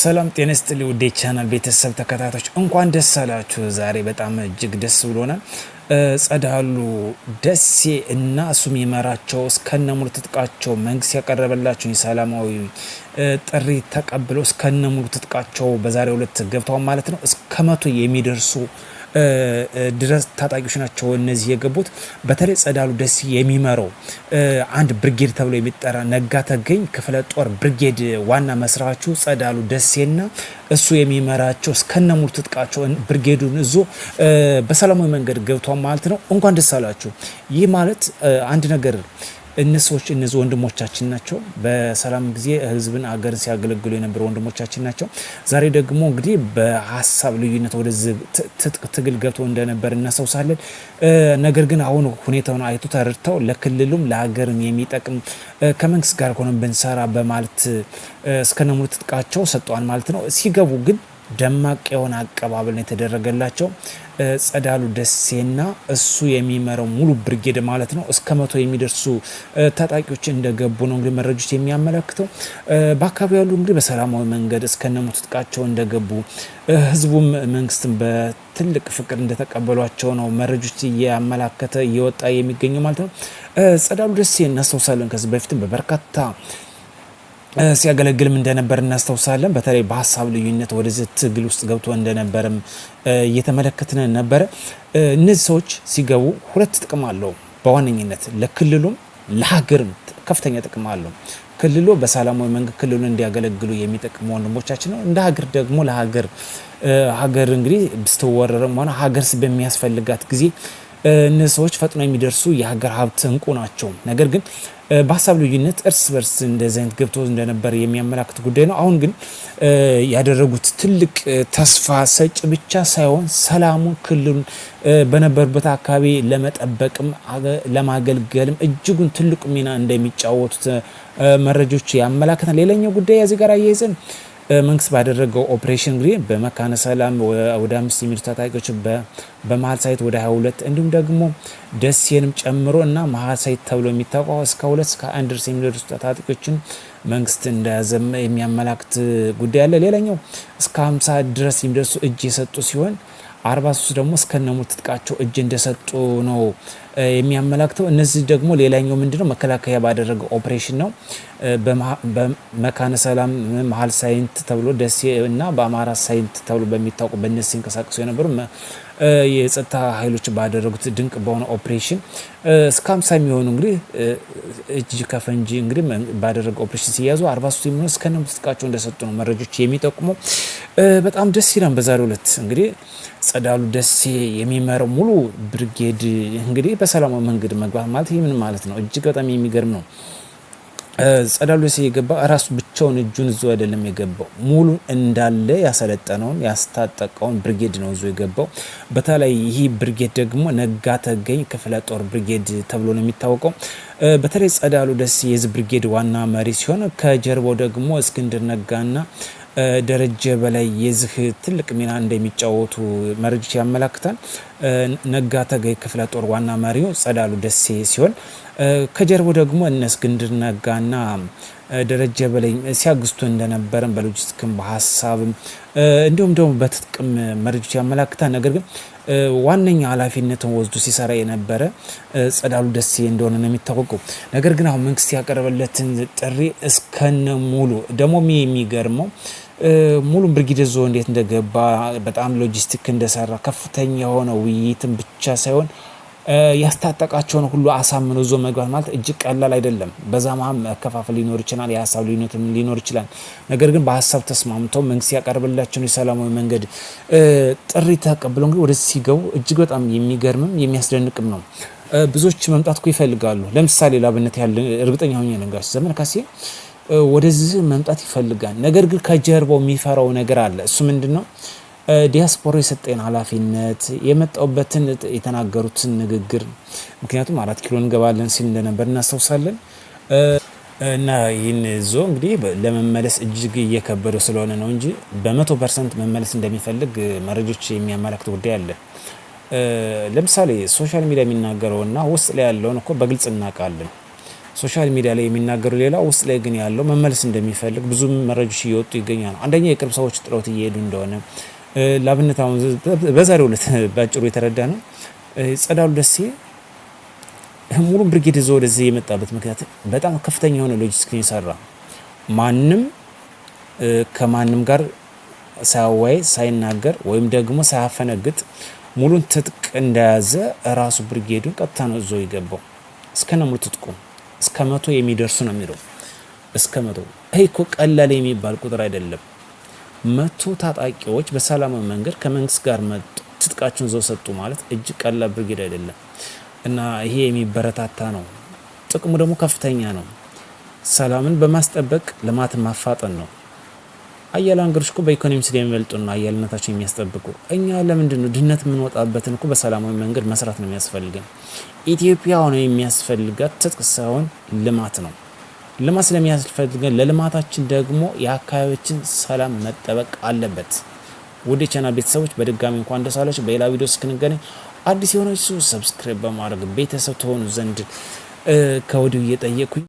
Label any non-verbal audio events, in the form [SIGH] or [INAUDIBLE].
ሰላም ጤና ይስጥልኝ ውዴ ቻናል ቤተሰብ ተከታታዮች እንኳን ደስ አላችሁ። ዛሬ በጣም እጅግ ደስ ብሎናል። ጸዳሉ ደሴ እና እሱም ይመራቸው እስከነሙሉ ትጥቃቸው መንግስት ያቀረበላቸው የሰላማዊ ጥሪ ተቀብለው እስከነሙሉ ትጥቃቸው በዛሬው ዕለት ገብተዋል ማለት ነው። እስከ መቶ የሚደርሱ ድረስ ታጣቂዎች ናቸው እነዚህ የገቡት። በተለይ ጸዳሉ ደሴ የሚመራው አንድ ብርጌድ ተብሎ የሚጠራ ነጋ ተገኝ ክፍለ ጦር ብርጌድ ዋና መስራቹ ጸዳሉ ደሴና እሱ የሚመራቸው እስከነሙሉ ትጥቃቸው ብርጌዱን እዞ በሰላማዊ መንገድ ገብቷ ማለት ነው። እንኳን ደስ አላችሁ። ይህ ማለት አንድ ነገር እነ እነዚህ ወንድሞቻችን ናቸው። በሰላም ጊዜ ህዝብን አገርን ሲያገለግሉ የነበሩ ወንድሞቻችን ናቸው። ዛሬ ደግሞ እንግዲህ በሀሳብ ልዩነት ወደዚህ ትጥቅ ትግል ገብቶ እንደነበር እናሰውሳለን። ነገር ግን አሁን ሁኔታውን አይቶ ተረድተው ለክልሉም ለሀገርም የሚጠቅም ከመንግስት ጋር ሆነ ብንሰራ በማለት እስከነሙሉ ትጥቃቸው ሰጠዋል ማለት ነው። ሲገቡ ግን ደማቅ የሆነ አቀባበል ነው የተደረገላቸው ጸዳሉ ደሴና እሱ የሚመራው ሙሉ ብርጌድ ማለት ነው እስከ መቶ የሚደርሱ ታጣቂዎች እንደገቡ ነው እንግዲህ መረጆች የሚያመለክተው። በአካባቢ ያሉ እንግዲህ በሰላማዊ መንገድ እስከነ ሙሉ ትጥቃቸው እንደገቡ ህዝቡም መንግስትን በትልቅ ፍቅር እንደተቀበሏቸው ነው መረጆች እያመላከተ እየወጣ የሚገኘው ማለት ነው። ጸዳሉ ደሴ እናስታውሳለን። ከዚህ በፊትም በበርካታ ሲያገለግልም እንደነበር እናስታውሳለን። በተለይ በሀሳብ ልዩነት ወደዚህ ትግል ውስጥ ገብቶ እንደነበርም እየተመለከትን ነበረ። እነዚህ ሰዎች ሲገቡ ሁለት ጥቅም አለው በዋነኝነት ለክልሉም ለሀገርም ከፍተኛ ጥቅም አለው። ክልሉ በሰላማዊ መንገድ ክልሉን እንዲያገለግሉ የሚጠቅሙ ወንድሞቻችን ነው። እንደ ሀገር ደግሞ ለሀገር ሀገር እንግዲህ ብስትወረርም ሆነ ሀገር በሚያስፈልጋት ጊዜ እነዚህ ሰዎች ፈጥኖ የሚደርሱ የሀገር ሀብት እንቁ ናቸው። ነገር ግን በሀሳብ ልዩነት እርስ በርስ እንደዚህ አይነት ገብቶ እንደነበር የሚያመላክት ጉዳይ ነው። አሁን ግን ያደረጉት ትልቅ ተስፋ ሰጭ ብቻ ሳይሆን ሰላሙ ክልሉን በነበሩበት አካባቢ ለመጠበቅም ለማገልገልም እጅጉን ትልቁ ሚና እንደሚጫወቱት መረጆች ያመላክታል። ሌላኛው ጉዳይ ያዚህ ጋር አያይዘን መንግስት ባደረገው ኦፕሬሽን እንግዲህ በመካነ ሰላም ወደ አምስት የሚሉ ታጣቂዎች በመሀል ሳይት ወደ 22 እንዲሁም ደግሞ ደሴንም ጨምሮ እና መሀል ሳይት ተብሎ የሚታወቀው እስከ ሁለት እስከ አንድ ርስ የሚደርሱ ታጣቂዎችን መንግስት እንደያዘ የሚያመላክት ጉዳይ አለ። ሌላኛው እስከ 50 ድረስ የሚደርሱ እጅ የሰጡ ሲሆን 43 ደግሞ እስከነሙሉ ትጥቃቸው እጅ እንደሰጡ ነው የሚያመላክተው። እነዚህ ደግሞ ሌላኛው ምንድነው መከላከያ ባደረገው ኦፕሬሽን ነው። በመካነ ሰላም፣ መሀል ሳይንት ተብሎ ደሴ እና በአማራ ሳይንት ተብሎ በሚታወቁ በእነዚህ ሲንቀሳቀሱ የነበሩ የጸጥታ ኃይሎች ባደረጉት ድንቅ በሆነ ኦፕሬሽን እስከ ሀምሳ የሚሆኑ እንግዲህ እጅ ከፈንጂ እንግዲህ ባደረገ ኦፕሬሽን ሲያዙ አርባ ሶስት የሚሆኑ እስከነ ትጥቃቸው እንደሰጡ ነው መረጆች የሚጠቁመው። በጣም ደስ ይላል። በዛሬው ዕለት እንግዲህ ጸዳሉ ደሴ የሚመራው ሙሉ ብርጌድ እንግዲህ በሰላማዊ መንገድ መግባት ማለት ይህ ምን ማለት ነው? እጅግ በጣም የሚገርም ነው። ጸዳሉ ደሴ የገባ እራሱ ብቻውን እጁን እዞ አይደለም የገባው፣ ሙሉ እንዳለ ያሰለጠነውን ያስታጠቀውን ብርጌድ ነው ይዞ የገባው። በተለይ ይህ ብርጌድ ደግሞ ነጋ ተገኝ ክፍለ ጦር ብርጌድ ተብሎ ነው የሚታወቀው። በተለይ ጸዳሉ ደሴ የዚህ ብርጌድ ዋና መሪ ሲሆን ከጀርባው ደግሞ እስክንድር ነጋና ደረጀ በላይ የዚህ ትልቅ ሚና እንደሚጫወቱ መረጃ ያመላክታል። ነጋ ተገይ ክፍለ ጦር ዋና መሪው ጸዳሉ ደሴ ሲሆን ከጀርባው ደግሞ እነ እስክንድር ነጋና ደረጀ በላይ ሲያግዝቱ እንደነበረም በሎጂስቲክም በሀሳብም እንዲሁም ደግሞ በትጥቅም መረጃ ያመላክታል። ነገር ግን ዋነኛ ኃላፊነትን ወስዶ ሲሰራ የነበረ ጸዳሉ ደሴ እንደሆነ ነው የሚታወቀው። ነገር ግን አሁን መንግስት ያቀረበለትን ጥሪ እስከነ ሙሉ ደግሞ የሚገርመው ሙሉም ብርጊድ ዞ እንዴት እንደገባ በጣም ሎጂስቲክ እንደሰራ ከፍተኛ የሆነ ውይይትን ብቻ ሳይሆን ያስታጠቃቸውን ሁሉ አሳምኖ ዞ መግባት ማለት እጅግ ቀላል አይደለም። በዛ መሀል መከፋፈል ሊኖር ይችላል፣ የሀሳብ ልዩነት ሊኖር ይችላል። ነገር ግን በሀሳብ ተስማምተው መንግስት ያቀርብላቸውን የሰላማዊ መንገድ ጥሪ ተቀብለው እንግዲህ ወደ ሲገቡ እጅግ በጣም የሚገርምም የሚያስደንቅም ነው። ብዙዎች መምጣት እኮ ይፈልጋሉ። ለምሳሌ ላብነት ያለ እርግጠኛ ሆኜ ነጋሽ ዘመን ካሴ ወደዚህ መምጣት ይፈልጋል። ነገር ግን ከጀርባው የሚፈራው ነገር አለ። እሱ ምንድን ነው? ዲያስፖራ የሰጠን ኃላፊነት የመጣውበትን የተናገሩትን ንግግር ምክንያቱም አራት ኪሎ እንገባለን ሲል እንደነበር እናስታውሳለን። እና ይህን ዞ እንግዲህ ለመመለስ እጅግ እየከበደ ስለሆነ ነው እንጂ በመቶ ፐርሰንት መመለስ እንደሚፈልግ መረጆች የሚያመላክት ጉዳይ አለ። ለምሳሌ ሶሻል ሚዲያ የሚናገረውና ውስጥ ላይ ያለውን እኮ በግልጽ እናውቃለን። ሶሻል ሚዲያ ላይ የሚናገሩ ሌላ ውስጥ ላይ ግን ያለው መመለስ እንደሚፈልግ ብዙ መረጃዎች እየወጡ ይገኛሉ። አንደኛ የቅርብ ሰዎች ጥለውት እየሄዱ እንደሆነ ላብነት አሁን በዛሬው ዕለት ባጭሩ [LAUGHS] የተረዳ ነው። ጸዳሉ ደሴ ሙሉ ብርጌድ ይዞ ወደዚህ የመጣበት ምክንያት በጣም ከፍተኛ የሆነ ሎጂስቲክን ይሰራ ማንም ከማንም ጋር ሳያወያይ ሳይናገር ወይም ደግሞ ሳያፈነግጥ ሙሉን ትጥቅ እንደያዘ ራሱ ብርጌዱን ቀጥታ ነው እዞ የገባው እስከነ ሙሉ ትጥቁም እስከ መቶ የሚደርሱ ነው የሚለው እስከ መቶ ይህ እኮ ቀላል የሚባል ቁጥር አይደለም። መቶ ታጣቂዎች በሰላማዊ መንገድ ከመንግስት ጋር መጡ፣ ትጥቃቸውን ዘው ሰጡ ማለት እጅግ ቀላል ብርጌድ አይደለም እና ይሄ የሚበረታታ ነው። ጥቅሙ ደግሞ ከፍተኛ ነው። ሰላምን በማስጠበቅ ልማትን ማፋጠን ነው። ሀያላን ሀገሮች እኮ በኢኮኖሚ ስለሚበልጡ ነው ሀያልነታቸው የሚያስጠብቁ። እኛ ለምንድን ነው ድህነት የምንወጣበትን እኮ በሰላማዊ መንገድ መስራት ነው የሚያስፈልገን። ኢትዮጵያ ሆነ የሚያስፈልጋት ትጥቅ ሳይሆን ልማት ነው። ልማት ስለሚያስፈልገን ለልማታችን ደግሞ የአካባቢዎችን ሰላም መጠበቅ አለበት። ወደ ቻና ቤተሰቦች በድጋሚ እንኳን ደስ አላችሁ። በሌላ ቪዲዮ እስክንገናኝ አዲስ የሆነች ሰብስክራይብ በማድረግ ቤተሰብ ተሆኑ ዘንድ ከወዲሁ እየጠየኩኝ